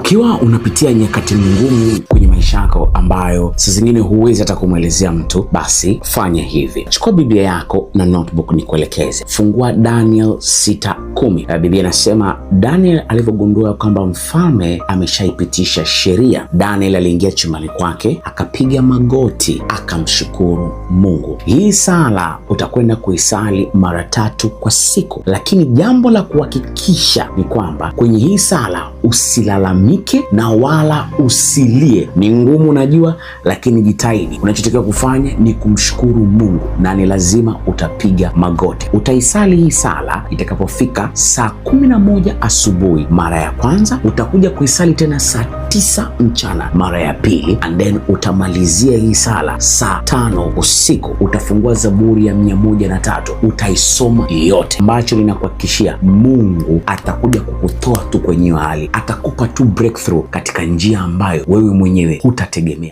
Ukiwa unapitia nyakati ngumu kwenye maisha yako ambayo saa zingine huwezi hata kumwelezea mtu, basi fanya hivi: chukua Biblia yako na notebook, nikuelekeze. Fungua Daniel 6:10. Eh, Biblia inasema Daniel alivyogundua kwamba mfalme ameshaipitisha sheria, Daniel aliingia chumbani kwake akapiga magoti akamshukuru Mungu. Hii sala utakwenda kuisali mara tatu kwa siku, lakini jambo la kuhakikisha ni kwamba kwenye hii sala usilalamike na wala usilie ni ngumu najua, lakini jitahidi. Unachotakiwa kufanya ni kumshukuru Mungu na ni lazima utapiga magoti. Utaisali hii sala itakapofika saa kumi na moja asubuhi mara ya kwanza, utakuja kuisali tena saa tisa mchana mara ya pili, and then utamalizia hii sala saa tano usiku, utafungua Zaburi ya mia moja na tatu utaisoma yote, ambacho linakuhakikishia Mungu atakuja kukutoa tu kwenye hali, atakupa tu breakthrough katika njia ambayo wewe mwenyewe hutategemea.